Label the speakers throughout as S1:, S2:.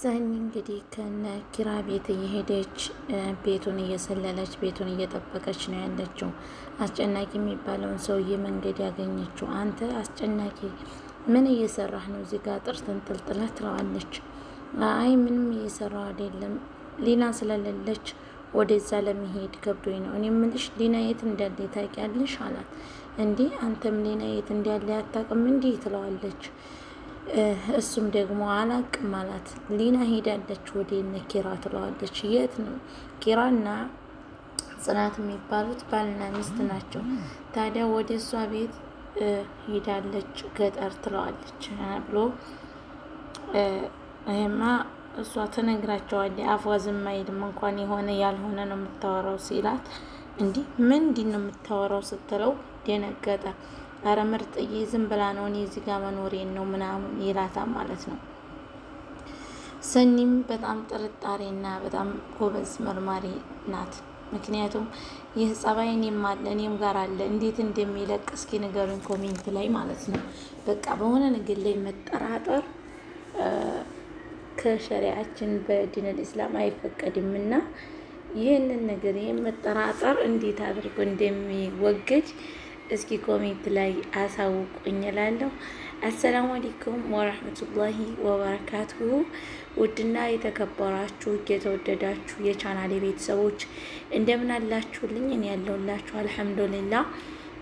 S1: ሰኒ እንግዲህ ከነ ኪራ ቤት እየሄደች ቤቱን እየሰለለች ቤቱን እየጠበቀች ነው ያለችው። አስጨናቂ የሚባለውን ሰውዬ መንገድ ያገኘችው፣ አንተ አስጨናቂ ምን እየሰራህ ነው እዚህ ጋር ጥርስ ተንጠልጥላ ትለዋለች። አይ ምንም እየሰራ አይደለም፣ ሊና ስለሌለች ወደዛ ለመሄድ ከብዶኝ ነው። እኔ ምልሽ ሊና የት እንዳለ ታውቂያለሽ? አላት። እንዲህ አንተም ሊና የት እንዳለ ያታቅም እንዲህ ትለዋለች። እሱም ደግሞ አላቅም አላት። ሊና ሄዳለች ወደ እነ ኪራ ትለዋለች። የት ነው ኪራና ጽናት የሚባሉት ባልና ሚስት ናቸው። ታዲያ ወደ እሷ ቤት ሄዳለች ገጠር ትለዋለች ብሎ ይሄማ እሷ ትነግራቸዋለች። አፏ ዝም አይልም፣ እንኳን የሆነ ያልሆነ ነው የምታወራው ሲላት፣ እንዲህ ምንድን ነው የምታወራው ስትለው ደነገጠ። ኧረ ምርጥዬ ዝም ብላ ነው እኔ እዚህ ጋር መኖሬን ነው ምናምን ይላታል ማለት ነው። ሰኒም በጣም ጥርጣሬና በጣም ጎበዝ መርማሪ ናት። ምክንያቱም ይህ ጸባይ እኔም አለ እኔም ጋር አለ እንዴት እንደሚለቅ እስኪ ንገሩን ኮሜንት ላይ ማለት ነው። በቃ በሆነ ነገር ላይ መጠራጠር ከሸሪያችን በዲነል ኢስላም አይፈቀድም እና ይህንን ነገር ይህን መጠራጠር እንዴት አድርጎ እንደሚወገድ እስኪ ኮሜንት ላይ አሳውቁኝ እላለሁ። አሰላሙ አለይኩም ወራህመቱላሂ ወበረካቱሁ። ውድና የተከበራችሁ የተወደዳችሁ የቻናሌ ቤተሰቦች እንደምን አላችሁልኝ? እኔ ያለሁላችሁ አልሐምዱሊላ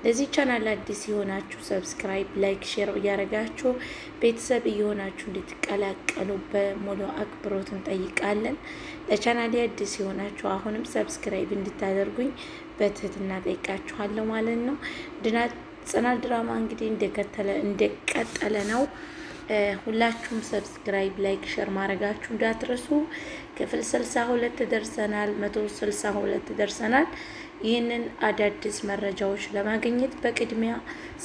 S1: ለዚህ ቻናል አዲስ የሆናችሁ ሰብስክራይብ፣ ላይክ፣ ሼር እያደረጋችሁ ቤተሰብ እየሆናችሁ እንድትቀላቀሉ በሙሉ አክብሮት እንጠይቃለን። ለቻናል አዲስ የሆናችሁ አሁንም ሰብስክራይብ እንድታደርጉኝ በትህትና ጠይቃችኋለሁ ማለት ነው። ጽናት ድራማ እንግዲህ እንደቀጠለ ነው። ሁላችሁም ሰብስክራይብ ላይክ ሸር ማድረጋችሁ እንዳትረሱ። ክፍል ስልሳ ሁለት ደርሰናል። መቶ ስልሳ ሁለት ደርሰናል። ይህንን አዳዲስ መረጃዎች ለማግኘት በቅድሚያ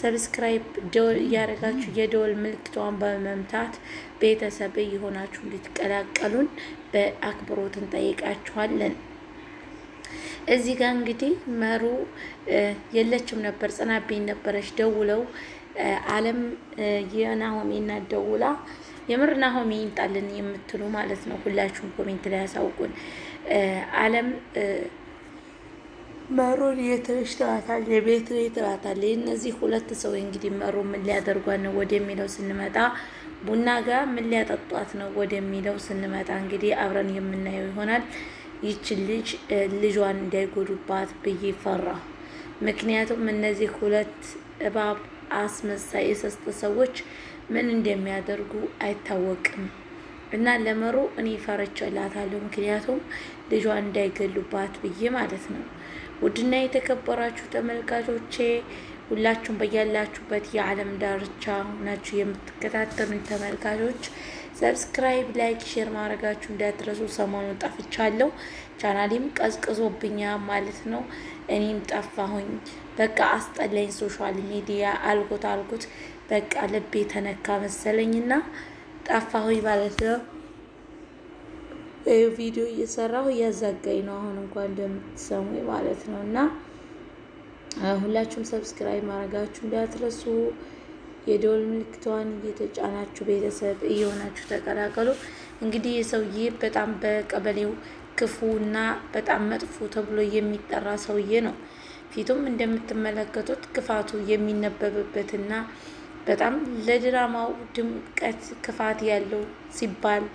S1: ሰብስክራይብ ደወል እያደረጋችሁ የደወል ምልክቷን በመምታት ቤተሰብ የሆናችሁ እንድትቀላቀሉን በአክብሮት እንጠይቃችኋለን። እዚህ ጋር እንግዲህ መሩ የለችም ነበር፣ ጽናቤኝ ነበረች። ደውለው አለም የናሆሜ እናት ደውላ የምር ናሆሜ ይምጣልን የምትሉ ማለት ነው ሁላችሁም ኮሜንት ላይ ያሳውቁን። አለም መሮን የትንሽ ትላታለች፣ የቤት ትላታለች። እነዚህ ሁለት ሰው እንግዲህ መሮ ምን ሊያደርጓት ነው ወደሚለው ስንመጣ ቡና ጋር ምን ሊያጠጧት ነው ወደሚለው ስንመጣ እንግዲህ አብረን የምናየው ይሆናል። ይች ልጅ ልጇን እንዳይጎዱባት ብዬ ፈራ። ምክንያቱም እነዚህ ሁለት እባብ አስመሳይ የሰስተ ሰዎች ምን እንደሚያደርጉ አይታወቅም። እና ለመሮ እኔ ፈርቼላታለሁ። ምክንያቱም ልጇን እንዳይገሉባት ብዬ ማለት ነው። ውድና የተከበራችሁ ተመልካቾቼ ሁላችሁም በያላችሁበት የዓለም ዳርቻ ሆናችሁ የምትከታተሉኝ ተመልካቾች ሰብስክራይብ፣ ላይክ፣ ሼር ማድረጋችሁ እንዳትረሱ። ሰሞኑን ጠፍቻለሁ፣ ቻናሌም ቀዝቅዞብኛ ማለት ነው። እኔም ጠፋሁኝ። በቃ አስጠላኝ። ሶሻል ሚዲያ አልጎት አልጎት በቃ ልቤ ተነካ መሰለኝና ጠፋሁኝ ማለት ነው። ቪዲዮ እየሰራሁ እያዛጋኝ ነው። አሁን እንኳን እንደምትሰሙ ማለት ነው። እና ሁላችሁም ሰብስክራይብ ማድረጋችሁ እንዳትረሱ፣ የደወል ምልክቷን እየተጫናችሁ ቤተሰብ እየሆናችሁ ተቀላቀሉ። እንግዲህ የሰውዬ በጣም በቀበሌው ክፉ እና በጣም መጥፎ ተብሎ የሚጠራ ሰውዬ ነው። ፊቱም እንደምትመለከቱት ክፋቱ የሚነበብበትና በጣም ለድራማው ድምቀት ክፋት ያለው ሲባል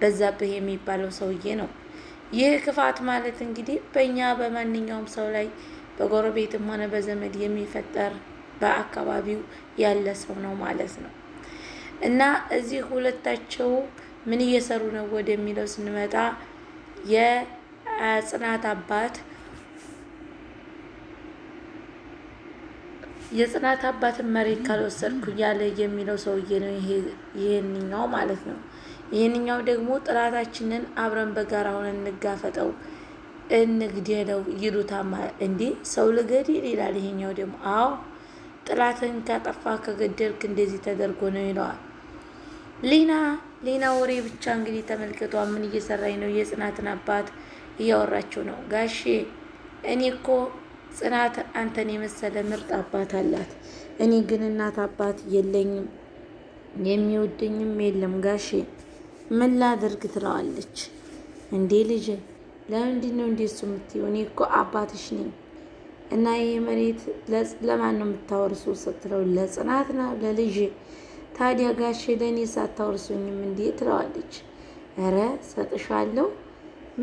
S1: በዛብህ የሚባለው ሰውዬ ነው። ይህ ክፋት ማለት እንግዲህ በእኛ በማንኛውም ሰው ላይ በጎረቤትም ሆነ በዘመድ የሚፈጠር በአካባቢው ያለ ሰው ነው ማለት ነው። እና እዚህ ሁለታቸው ምን እየሰሩ ነው ወደሚለው ስንመጣ የጽናት አባት የጽናት አባትን መሬት ካልወሰድኩ ያለ የሚለው ሰውዬ ነው ይሄንኛው ማለት ነው። ይህንኛው ደግሞ ጥላታችንን አብረን በጋራ ሆነን እንጋፈጠው፣ እንግደለው ይሉታማ። እንዴ ሰው ልገድል ይላል። ይሄኛው ደግሞ አዎ ጥላትን ካጠፋ ከገደልክ እንደዚህ ተደርጎ ነው ይለዋል። ሊና ሊና ወሬ ብቻ እንግዲህ ተመልክቷ ምን እየሰራኝ ነው? የጽናትን አባት እያወራችው ነው። ጋሼ እኔ እኮ ጽናት አንተን የመሰለ ምርጥ አባት አላት። እኔ ግን እናት አባት የለኝም የሚወደኝም የለም ጋሼ ምን ላድርግ ትለዋለች። እንዴ ልጄ ለምንድን ነው እንደሱ የምትይው? እኔ እኮ አባትሽ ነኝ እና ይህ መሬት ለማን ነው የምታወርሱ ስትለው ለጽናትና ለልጄ። ታዲያ ጋሼ ለእኔ ሳታወርሱኝም እንዴ ትለዋለች። ኧረ ሰጥሻለሁ፣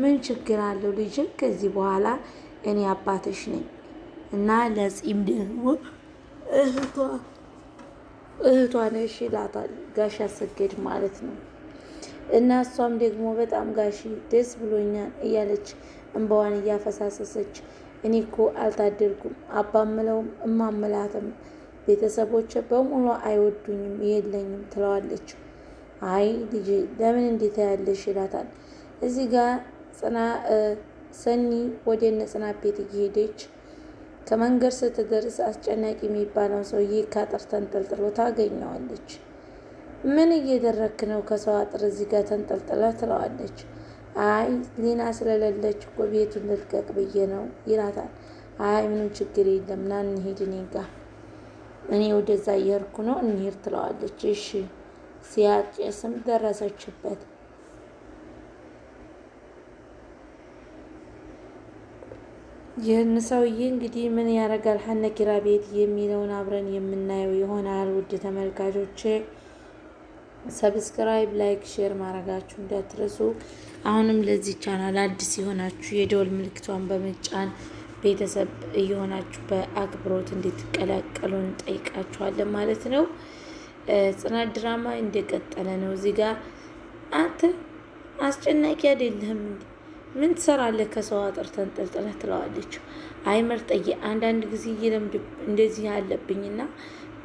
S1: ምን ችግር አለው ልጄ፣ ከዚህ በኋላ እኔ አባትሽ ነኝ እና ለጺም ደግሞ እህቷ እህቷ ነሽ ይላታል ጋሽ አሰገድ ማለት ነው። እና እሷም ደግሞ በጣም ጋሺ ደስ ብሎኛል እያለች እንባዋን እያፈሳሰሰች እኔ እኮ አልታደርኩም አባምለውም እማምላትም ቤተሰቦች በሙሉ አይወዱኝም የለኝም ትለዋለች። አይ ልጅ ለምን እንዴት ያለሽ ይላታል። እዚህ ጋር ጽና ሰኒ ወደ እነ ጽናት ቤት እየሄደች ከመንገድ ስትደርስ አስጨናቂ የሚባለውን ሰውዬ ከአጥር ተንጠልጥሎ ታገኘዋለች። ምን እየደረክ ነው ከሰው አጥር እዚህ ጋር ተንጠልጥላ ትለዋለች። አይ ሊና ስለሌለች እኮ ቤቱን ልልቀቅ ብዬ ነው ይላታል። አይ ምንም ችግር የለም ና እንሄድ እኔ ጋ እኔ ወደዛ እየሄድኩ ነው እንሄድ ትለዋለች። እሺ ሲያጨስም ደረሰችበት። ይህን ሰውዬ እንግዲህ ምን ያደርጋል ሀነኪራ ቤት የሚለውን አብረን የምናየው ይሆናል። ውድ ተመልካቾቼ ሰብስክራይብ፣ ላይክ፣ ሼር ማድረጋችሁ እንዳትረሱ። አሁንም ለዚህ ቻናል አዲስ የሆናችሁ የደወል ምልክቷን በመጫን ቤተሰብ እየሆናችሁ በአክብሮት እንድትቀላቀሉ እንጠይቃችኋለን ማለት ነው። ጽናት ድራማ እንደቀጠለ ነው። እዚህ ጋር አንተ አስጨናቂ አይደለህም እንዴ? ምን ትሰራለህ ከሰው አጥር ተንጠልጥለህ ትለዋለች። አይ መርጠዬ፣ አንዳንድ ጊዜ እየለምድ እንደዚህ አለብኝና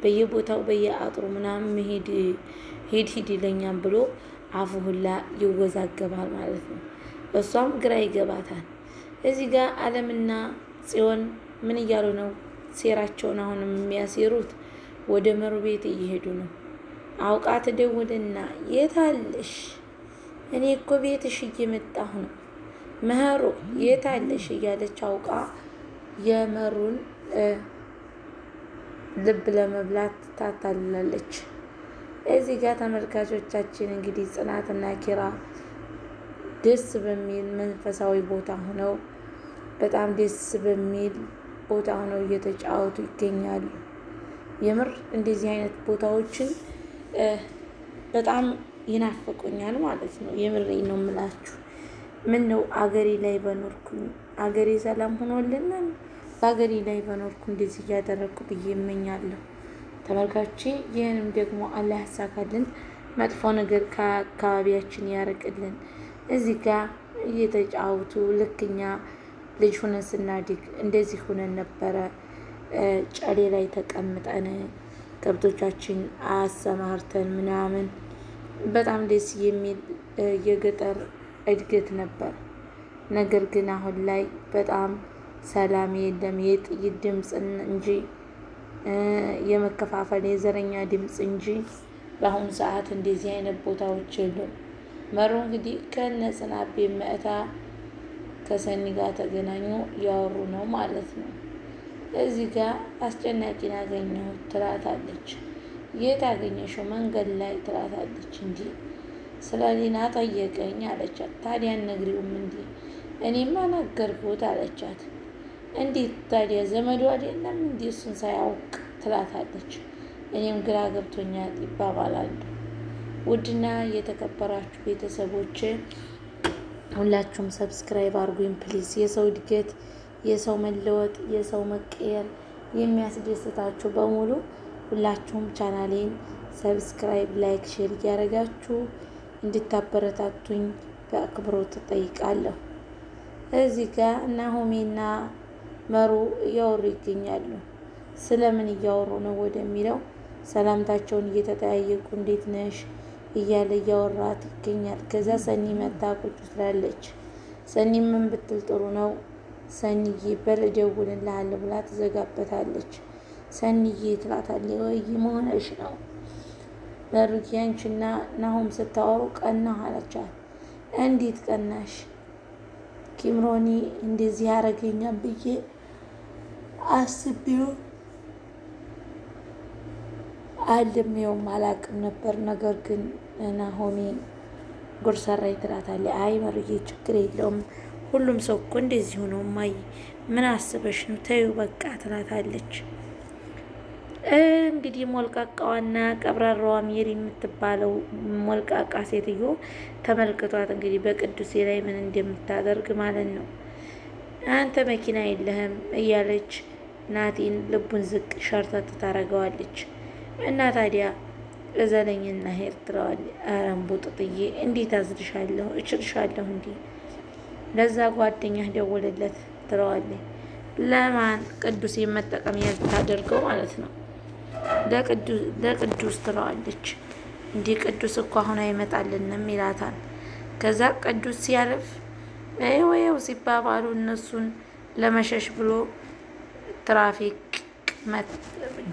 S1: በየቦታው በየአጥሩ ምናምን መሄድ ሂድ ሂድ ይለኛም ብሎ አፉ ሁላ ይወዛገባል ማለት ነው። እሷም ግራ ይገባታል። እዚህ ጋር አለምና ጽዮን ምን እያሉ ነው? ሴራቸውን አሁንም የሚያሴሩት ወደ መሩ ቤት እየሄዱ ነው። አውቃ ትደውልና የታለሽ? እኔ እኮ ቤትሽ እየመጣሁ ነው መሩ የታለሽ? እያለች አውቃ የመሩን ልብ ለመብላት ታታልላለች። እዚህ ጋር ተመልካቾቻችን እንግዲህ ጽናትና ኪራ ደስ በሚል መንፈሳዊ ቦታ ሆነው በጣም ደስ በሚል ቦታ ሆነው እየተጫወቱ ይገኛሉ። የምር እንደዚህ አይነት ቦታዎችን በጣም ይናፍቁኛል ማለት ነው። የምሬ ነው የምላችሁ። ምን ነው አገሬ ላይ በኖርኩኝ አገሬ ሰላም ሆኖልናል፣ በአገሬ ላይ በኖርኩ እንደዚህ እያደረግኩ ብዬ እመኛለሁ። ተመልካች ይህንም ደግሞ አላህ ያሳካልን፣ መጥፎ ነገር ከአካባቢያችን ያርቅልን። እዚህ ጋ እየተጫወቱ ልክኛ ልጅ ሁነን ስናድግ እንደዚህ ሁነን ነበረ ጨሌ ላይ ተቀምጠን ከብቶቻችን አሰማርተን ምናምን በጣም ደስ የሚል የገጠር እድገት ነበር። ነገር ግን አሁን ላይ በጣም ሰላም የለም የጥይት ድምፅ እንጂ የመከፋፈል የዘረኛ ድምፅ እንጂ በአሁኑ ሰዓት እንደዚህ አይነት ቦታዎች የሉም። መሩ እንግዲህ ከነ ጽናቤ መእታ ከሰኒ ጋር ተገናኙ እያወሩ ነው ማለት ነው። እዚህ ጋር አስጨናቂ አገኘሁት ትላታለች። የት አገኘሽው? መንገድ ላይ ትላታለች። እንጂ ስለ ሊና ጠየቀኝ አለቻት። ታዲያ ነግሪውም እኔ እኔማ ነገርኩት አለቻት። እንዴት ታዲያ ዘመዱ አይደለም እንዲህ እሱን ሳያውቅ ትላታለች። እኔም ግራ ገብቶኛል ይባባላሉ። ውድና የተከበራችሁ ቤተሰቦች ሁላችሁም ሰብስክራይብ አርጉኝ ፕሊዝ። የሰው እድገት፣ የሰው መለወጥ፣ የሰው መቀየር የሚያስደስታችሁ በሙሉ ሁላችሁም ቻናሌን ሰብስክራይብ፣ ላይክ፣ ሼር እያደረጋችሁ እንድታበረታቱኝ በአክብሮት ትጠይቃለሁ። እዚህ ጋር ናሆሜና መሩ እያወሩ ይገኛሉ። ስለምን እያወሩ ነው ወደሚለው ሰላምታቸውን እየተጠያየቁ እንዴት ነሽ እያለ እያወራት ይገኛል። ከዛ ሰኒ መታ ቁጭ ትላለች። ሰኒ ምን ብትል ጥሩ ነው ሰኒዬ በል እደውልልሃለሁ ብላ ትዘጋበታለች። ሰኒዬ ትላታለች። ወይ መሆነሽ ነው መሩዬ አንቺና ናሆም ስታወሩ ቀና አለቻት። እንዴት ቀናሽ? ኪምሮኒ እንደዚህ ያረገኛ ብዬ አስቢው አልሜውም አላቅም ነበር። ነገር ግን ናሆሜ ጉድ ሰራኝ ትላታለች። አይ መርዬ ችግር የለውም ሁሉም ሰው እኮ እንደዚሁ ነው። ማይ ምን አስበሽ ነው? ተይው በቃ ትላታለች። እንግዲህ ሞልቃቃዋና ቀብራራዋ ሜሪ የምትባለው ሞልቃቃ ሴትዮ ተመልክቷት እንግዲህ በቅዱሴ ላይ ምን እንደምታደርግ ማለት ነው። አንተ መኪና የለህም እያለች ናቲን ልቡን ዝቅ ሸርተት ታደርገዋለች። እና ታዲያ እዘለኝና ሄር ትለዋለች። አረንቡ ጥጥዬ እንዴት አዝልሻለሁ እችልሻለሁ እንዲ ለዛ ጓደኛህ ደውልለት ትለዋለች። ለማን ቅዱስ የመጠቀሚያ ታደርገው ማለት ነው ለቅዱስ ትለዋለች። እንዲህ ቅዱስ እኮ አሁን አይመጣልንም ይላታል። ከዛ ቅዱስ ሲያርፍ ይኸው ሲባባሉ እነሱን ለመሸሽ ብሎ ትራፊክ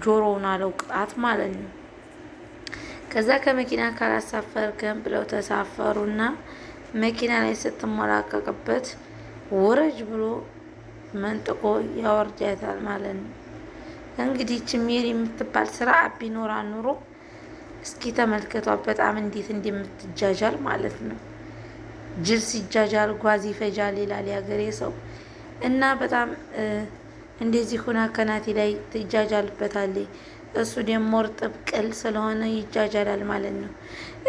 S1: ጆሮውን አለው ቅጣት ማለት ነው። ከዛ ከመኪና ካላሳፈርከን ብለው ተሳፈሩና መኪና ላይ ስትሞላቀቅበት ውረጅ ብሎ መንጥቆ ያወርጃታል ማለት ነው። እንግዲህ ችሜር የምትባል ስራ ቢኖራ ኑሮ እስኪ ተመልከቷ፣ በጣም እንዴት እንደምትጃጃል ማለት ነው። ጅል ሲጃጃል ጓዝ ይፈጃል ይላል ያገሬ ሰው እና በጣም እንደዚህ ሁና ከናቲ ላይ ትጃጃልበታለች። እሱ ደግሞ እርጥብ ቅል ስለሆነ ይጃጃላል ማለት ነው።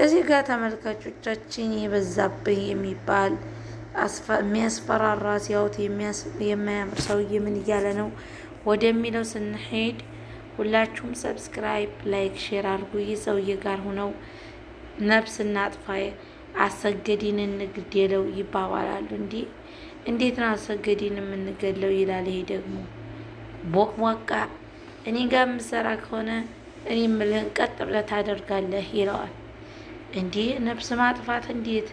S1: እዚህ ጋር ተመልካቾቻችን የበዛብህ የሚባል የሚያስፈራራ ሲያዩት የማያምር ሰውዬ ምን እያለ ነው ወደሚለው ስንሄድ ሁላችሁም ሰብስክራይብ፣ ላይክ፣ ሼር አድርጉ። ይህ ሰውዬ ጋር ሁነው ነፍስ እናጥፋ አሰገዲን እንግደለው ይባባላሉ። እንዲህ እንዴት ነው አሰገዲን የምንገለው ይላል ይሄ ደግሞ ቦክ ሟቃ እኔ ጋር የምሰራ ከሆነ እኔ የምልህን ቀጥ ብለህ ታደርጋለህ ይለዋል። እንዲህ ነፍስ ማጥፋት እንዴት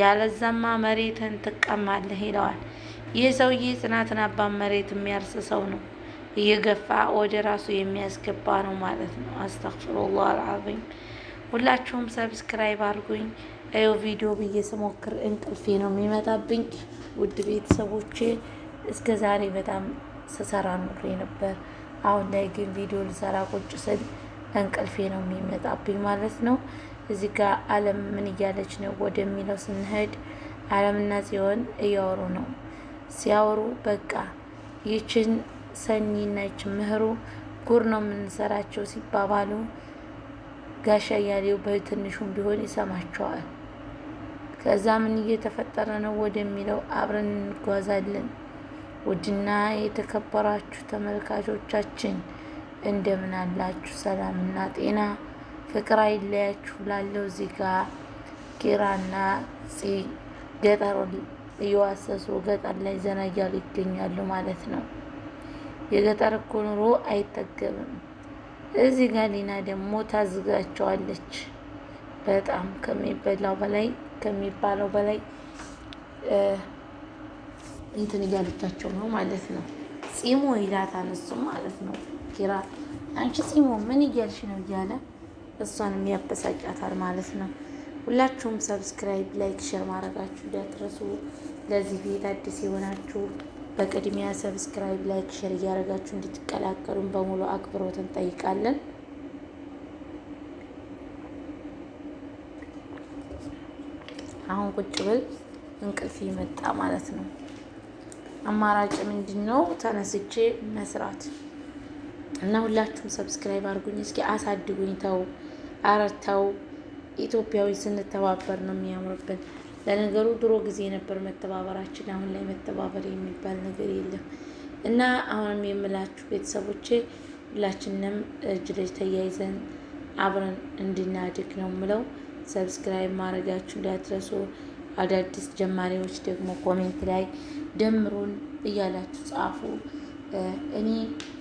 S1: ያለዛማ መሬትን ትቀማለህ ይለዋል። ይህ ሰውዬ ጽናትን አባን መሬት የሚያርስ ሰው ነው። እየገፋ ወደ ራሱ የሚያስገባ ነው ማለት ነው። አስተግፊሩላህ አልዓዚም። ሁላችሁም ሰብስክራይብ አድርጉኝ። ይኸው ቪዲዮ ብዬ ስሞክር እንቅልፌ ነው የሚመጣብኝ። ውድ ቤተሰቦቼ እስከ ዛሬ በጣም ስሰራ ኖሬ ነበር። አሁን ላይ ግን ቪዲዮ ልሰራ ቁጭ ስል እንቅልፌ ነው የሚመጣብኝ ማለት ነው። እዚህ ጋር አለም ምን እያለች ነው ወደሚለው ስንሄድ አለምና ጽዮን እያወሩ ነው። ሲያወሩ በቃ ይችን ሰኒና ይችን ምህሩ ጉር ነው የምንሰራቸው ሲባባሉ ጋሻ እያሌው በትንሹም ቢሆን ይሰማቸዋል። ከዛ ምን እየተፈጠረ ነው ወደሚለው አብረን እንጓዛለን። ውድና የተከበራችሁ ተመልካቾቻችን እንደምን አላችሁ? እና ጤና ፍቅር አይለያችሁ። ላለው እዚህ ጋ ኪራና ፂ ገጠር እየዋሰሱ ገጠር ላይ ዘና እያሉ ይገኛሉ ማለት ነው። የገጠር እኮ ኑሮ አይጠገብም። እዚህ ጋ ሊና ደግሞ ታዝጋቸዋለች። በጣም ከሚበላው በላይ ከሚባለው በላይ እንትን እያለቻቸው ነው ማለት ነው። ፂሞ ይላታል እሱ ማለት ነው። ኪራ አንቺ ፂሞ ምን እያልሽ ነው እያለ እሷንም ያበሳጫታል ማለት ነው። ሁላችሁም ሰብስክራይብ፣ ላይክ፣ ሼር ማድረጋችሁ እንዳትረሱ። ለዚህ ቤት አዲስ የሆናችሁ በቅድሚያ ሰብስክራይብ፣ ላይክ፣ ሼር እያደረጋችሁ እንድትቀላቀሉን በሙሉ አክብሮት እንጠይቃለን። አሁን ቁጭ ብል እንቅልፍ ይመጣ ማለት ነው። አማራጭ ምንድን ነው? ተነስቼ መስራት እና ሁላችሁም ሰብስክራይብ አድርጉኝ እስኪ አሳድጉኝ። ተው አረተው ኢትዮጵያዊ ስንተባበር ነው የሚያምርብን። ለነገሩ ድሮ ጊዜ ነበር መተባበራችን፣ አሁን ላይ መተባበር የሚባል ነገር የለም። እና አሁንም የምላችሁ ቤተሰቦቼ ሁላችንም እጅ ለእጅ ተያይዘን አብረን እንድናድግ ነው የምለው። ሰብስክራይብ ማድረጋችሁ እንዳትረሱ። አዳዲስ ጀማሪዎች ደግሞ ኮሜንት ላይ ደምሩን እያላችሁ ጻፉ። እኔ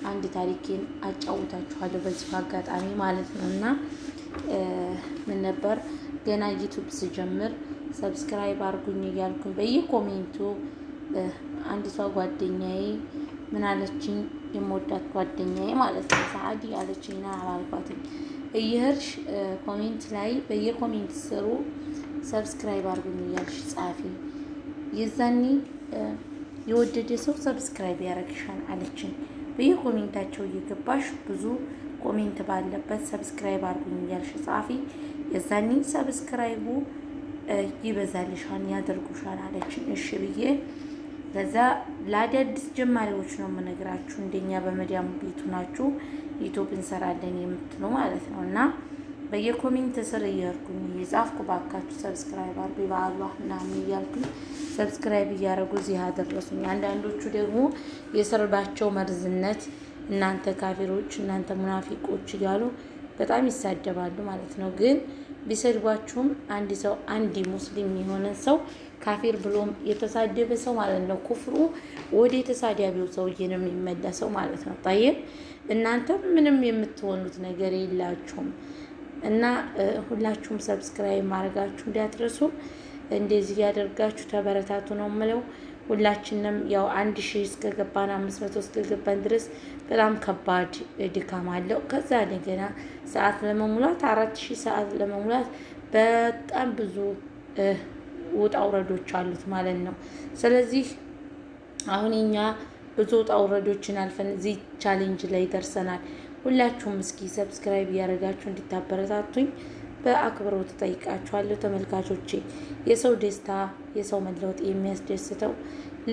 S1: አንድ ታሪኬን አጫውታችኋለሁ በዚሁ አጋጣሚ ማለት ነው እና ምን ነበር ገና ዩቱብ ስጀምር ሰብስክራይብ አርጉኝ እያልኩኝ በየኮሜንቱ አንዲቷ ጓደኛዬ ምን አለችኝ? የምወዳት ጓደኛዬ ማለት ነው ሰዓዲ ያለችኝ ና አላልኳትም። እየሄድሽ ኮሜንት ላይ በየኮሜንት ስሩ ሰብስክራይብ አርጉኝ እያልሽ ጻፊ የዛኔ የወደደ ሰው ሰብስክራይብ ያደረግሻል አለችን። በይህ ኮሜንታቸው እየገባሽ ብዙ ኮሜንት ባለበት ሰብስክራይብ አድርጉኝ እያልሽ ጻፊ። የዛኒ ሰብስክራይቡ ይበዛልሻን ያደርጉሻል አለችን። እሺ ብዬ ከዛ ለአዳዲስ ጀማሪዎች ነው የምነግራችሁ። እንደኛ በመዲያም ቤቱ ናችሁ ዩቱብ እንሰራለን የምትሉ ማለት ነው እና በየኮሜንት ስር እያልኩኝ እየጻፍኩ ባካችሁ ሰብስክራይብ አርጉ በአላህ ምናምን እያልኩኝ ሰብስክራይብ እያደረጉ እዚህ አደረሱኝ። አንዳንዶቹ ደግሞ የስርባቸው መርዝነት እናንተ ካፊሮች፣ እናንተ ሙናፊቆች እያሉ በጣም ይሳደባሉ ማለት ነው። ግን ቢሰድቧችሁም አንድ ሰው አንድ ሙስሊም የሆነን ሰው ካፊር ብሎም የተሳደበ ሰው ማለት ነው ኩፍሩ ወደ የተሳዳቢው ሰውዬ ነው የሚመለሰው ማለት ነው። ጠይብ እናንተም ምንም የምትሆኑት ነገር የላችሁም። እና ሁላችሁም ሰብስክራይብ ማድረጋችሁ እንዲያትረሱ እንደዚህ ያደርጋችሁ ተበረታቱ ነው የምለው። ሁላችንም ያው አንድ ሺህ እስከገባን አምስት መቶ እስከገባን ድረስ በጣም ከባድ ድካም አለው። ከዛ እንደገና ሰዓት ለመሙላት አራት ሺህ ሰዓት ለመሙላት በጣም ብዙ ውጣ ውረዶች አሉት ማለት ነው። ስለዚህ አሁን እኛ ብዙ ውጣ ውረዶችን አልፈን እዚህ ቻሌንጅ ላይ ደርሰናል። ሁላችሁም እስኪ ሰብስክራይብ እያደረጋችሁ እንድታበረታቱኝ በአክብሮት ጠይቃችኋለሁ። ተመልካቾቼ የሰው ደስታ የሰው መለወጥ የሚያስደስተው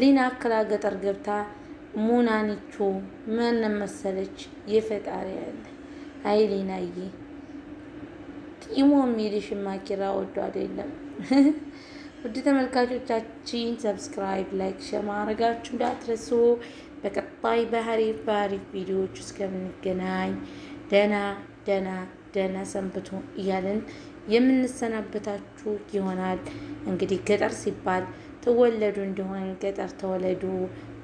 S1: ሊና አክላ ገጠር ገብታ ሙናኒቹ ምን መሰለች የፈጣሪ ያለ አይ ሊናዬ ጢሞ የሚልሽ ማኪራ ወዶ አይደለም። ውድ ተመልካቾቻችን ሰብስክራይብ፣ ላይክ፣ ሸር ማድረጋችሁ እንዳትረሱ። በቀጣይ በአሪፍ በአሪፍ ቪዲዮዎች እስከምንገናኝ ደና ደና ደና ሰንብቶ እያልን የምንሰናበታችሁ ይሆናል። እንግዲህ ገጠር ሲባል ትወለዱ እንደሆነ ገጠር ተወለዱ፣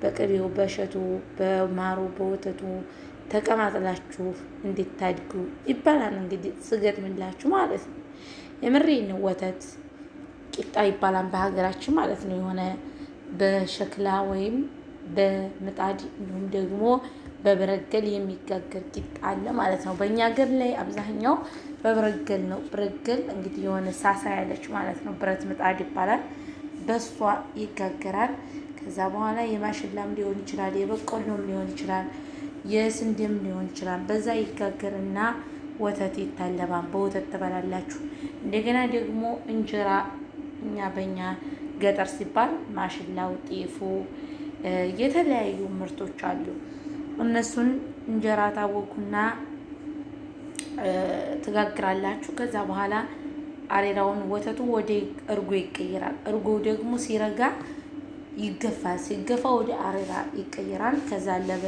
S1: በቅቤው በእሸቱ በማሩ በወተቱ ተቀማጥላችሁ እንድታድጉ ይባላል። እንግዲህ ስገጥምላችሁ ማለት ነው። የምሬን ወተት ቂጣ ይባላል በሀገራችን ማለት ነው። የሆነ በሸክላ ወይም በምጣድ እንዲሁም ደግሞ በበረገል የሚጋገር ቂጣ አለ ማለት ነው። በእኛ ሀገር ላይ አብዛኛው በበረገል ነው። ብረገል እንግዲህ የሆነ ሳሳ ያለች ማለት ነው፣ ብረት ምጣድ ይባላል። በሷ ይጋገራል። ከዛ በኋላ የማሽላም ሊሆን ይችላል፣ የበቆሎም ሊሆን ይችላል፣ የስንዴም ሊሆን ይችላል። በዛ ይጋገርና ወተት ይታለባል። በወተት ትበላላችሁ። እንደገና ደግሞ እንጀራ እኛ በእኛ ገጠር ሲባል ማሽላው ጤፉ የተለያዩ ምርቶች አሉ። እነሱን እንጀራ ታወቁና ትጋግራላችሁ። ከዛ በኋላ አሬራውን ወተቱ ወደ እርጎ ይቀየራል። እርጎ ደግሞ ሲረጋ ይገፋ ሲገፋ ወደ አሬራ ይቀየራል። ከዛ ለበ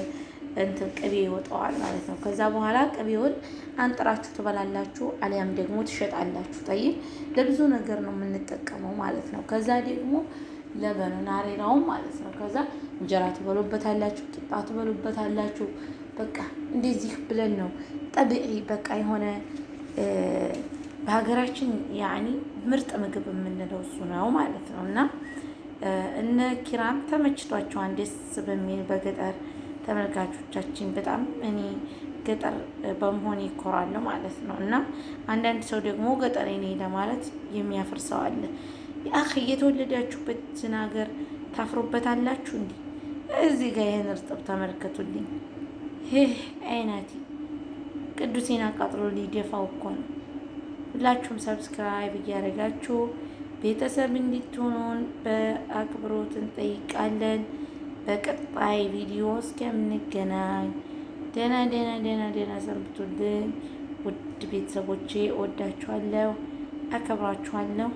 S1: እንትን ቅቤ ይወጣዋል ማለት ነው። ከዛ በኋላ ቅቤውን አንጥራችሁ ትበላላችሁ፣ አሊያም ደግሞ ትሸጣላችሁ። ጠይ ለብዙ ነገር ነው የምንጠቀመው ማለት ነው። ከዛ ደግሞ ለበኑን አሬራውን ማለት ነው። ከዛ እንጀራ ትበሉበታላችሁ፣ ጥጣ ትበሉበታላችሁ። በቃ እንደዚህ ብለን ነው ጠብዒ በቃ የሆነ በሀገራችን ያኒ ምርጥ ምግብ የምንለው እሱ ነው ማለት ነው። እና እነ ኪራም ተመችቷቸዋን ደስ በሚል በገጠር ተመልካቾቻችን በጣም እኔ ገጠር በመሆን ይኮራሉ ማለት ነው። እና አንዳንድ ሰው ደግሞ ገጠር ኔ ለማለት የሚያፍር ሰው አለ። የአክ የተወለዳችሁበትን ሀገር ታፍሮበታላችሁ እንዴ? እዚህ ጋር ይህን እርጥብ ተመልከቱልኝ። ይህ አይናቲ ቅዱሴን አቃጥሎ ሊደፋው እኮ ነው። ሁላችሁም ሰብስክራይብ እያደረጋችሁ ቤተሰብ እንድትሆኑን በአክብሮት እንጠይቃለን። በቀጣይ ቪዲዮ እስከምንገናኝ ደህና ደህና ደህና ደህና ሰንብቱልን። ውድ ቤተሰቦቼ ወዳችኋለሁ፣ አከብራችኋለሁ።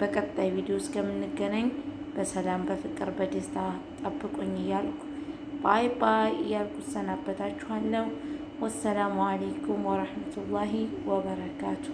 S1: በቀጣይ ቪዲዮ እስከምንገናኝ በሰላም በፍቅር በደስታ ጠብቁኝ እያልኩ ባይ ባይ እያልኩ እሰናበታችኋለሁ። ወሰላሙ አሌይኩም ወረህመቱላሂ ወበረካቱ።